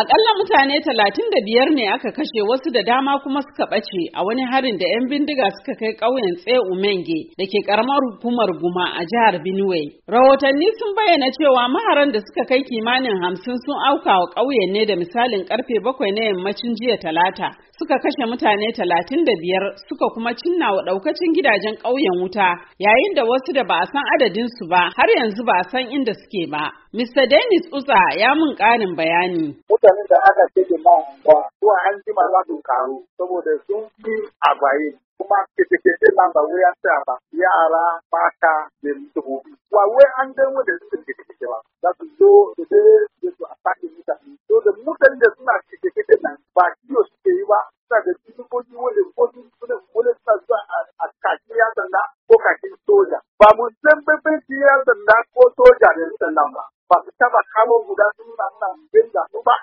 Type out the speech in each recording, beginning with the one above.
Akalla mutane talatin da biyar ne aka kashe wasu da dama kuma suka ɓace a wani harin da 'yan bindiga suka kai ƙauyen tse menge da ke ƙaramar hukumar guma a jihar Benue. Rahotanni sun bayyana cewa maharan da suka kai kimanin hamsin sun auka wa ƙauyen ne da misalin karfe bakwai na yammacin jiya talata. Suka kashe mutane talatin da biyar suka kuma cinna wa ɗaukacin gidajen ƙauyen wuta yayin da wasu da ba a san adadinsu ba har yanzu ba a san inda suke ba. Mr. Dennis Usa ya mun ƙarin bayani. Mutanen da aka ce ma wa zuwa an jima za su karu saboda sun fi agwaye kuma kete-kete nan ba wai an tsaya ba yara mata da dubobi. Wa wai an dan wanda suke kete-kete ba za su zo da dare da su a sake mutane. To da mutanen da suna kete-kete nan ba kiyo suke yi ba suna da dubobi wani ko suna wani suna zuwa a kakin yan sanda ko kakin soja. Ba mu san bambanci yan sanda ko soja da yan ba. ba su guda sun nuna suna yin ba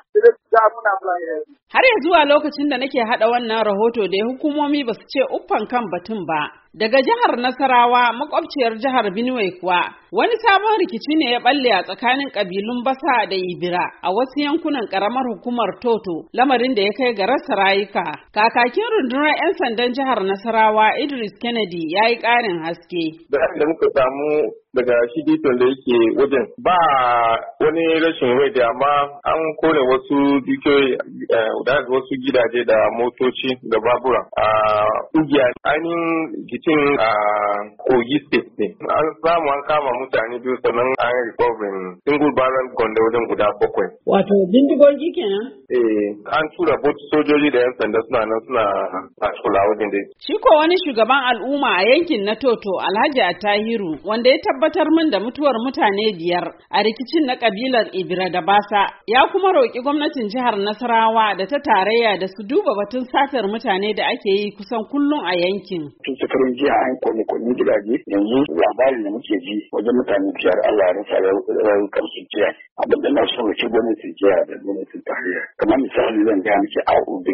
Har yanzu a lokacin da nake haɗa wannan rahoto da hukumomi ba su ce uffan kan batun ba. Daga jihar Nasarawa makwabciyar jihar Benue kuwa wani sabon rikici ne ya balle a tsakanin kabilun Basa da Ibira a wasu yankunan karamar hukumar Toto lamarin da ya kai ga rasa rayuka. Kakakin rundunar 'yan sandan jihar Nasarawa Idris Kennedy ya yi ƙarin haske. Da muka samu daga shi da yake wajen ba wani rashin rai da amma an kone wasu dukiyoyi eh, da wasu gidaje da motoci da babura a ugiya ainihin gicin a kogi state ne an samu an kama mutane biyu sannan an recovering single barrel da wajen guda bakwai wato bindigogi kenan eh an tura botu sojoji da yan sanda suna nan suna a a wajen dai shi ko wani shugaban al'umma a yankin na toto alhaji atahiru wanda ya tabbatar min da mutuwar mutane biyar a rikicin na kabilar ibira da basa ya kuma roki gwamnatin jihar Nasarawa da ta tarayya da su duba batun satar mutane da ake yi kusan kullum a yankin. Tun shekarun jiya an kone kone gidaje yanzu labarin da muke ji wajen mutane biyar Allah ya rasa rayukan su jiya. Abin da na so ce gwamnatin jiya da gwamnatin tarayya. Kamar misali zan gaya miki a Ubi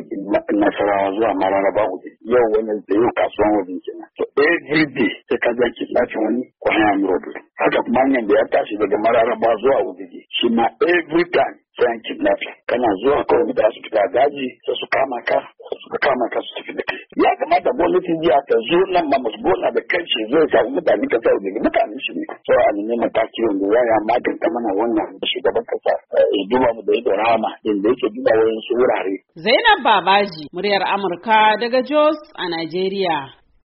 Nasarawa zuwa Mararaba Ubi. Yau wani yau kasuwan wajen kenan. To every eh, day sai ka zaki lafin wani kwana miro haka kuma hanyar da ya tashi daga mararaba zuwa ubiji shi ma every time sai an kidnap kana zuwa kawai da su fita daji sai su kama ka suka kama ka su tafi da kai ya kamata gwamnati jiya ta zo nan ma mu gona da kanshi zai samu mutane ka sa da mutane shi ne so a nemi mataki wanda ya ya maganta mana wannan shugaban kasa eh, ya duba mu da ido rama inda yake duba wayan wurare Zainab Babaji muryar Amurka daga Jos a Najeriya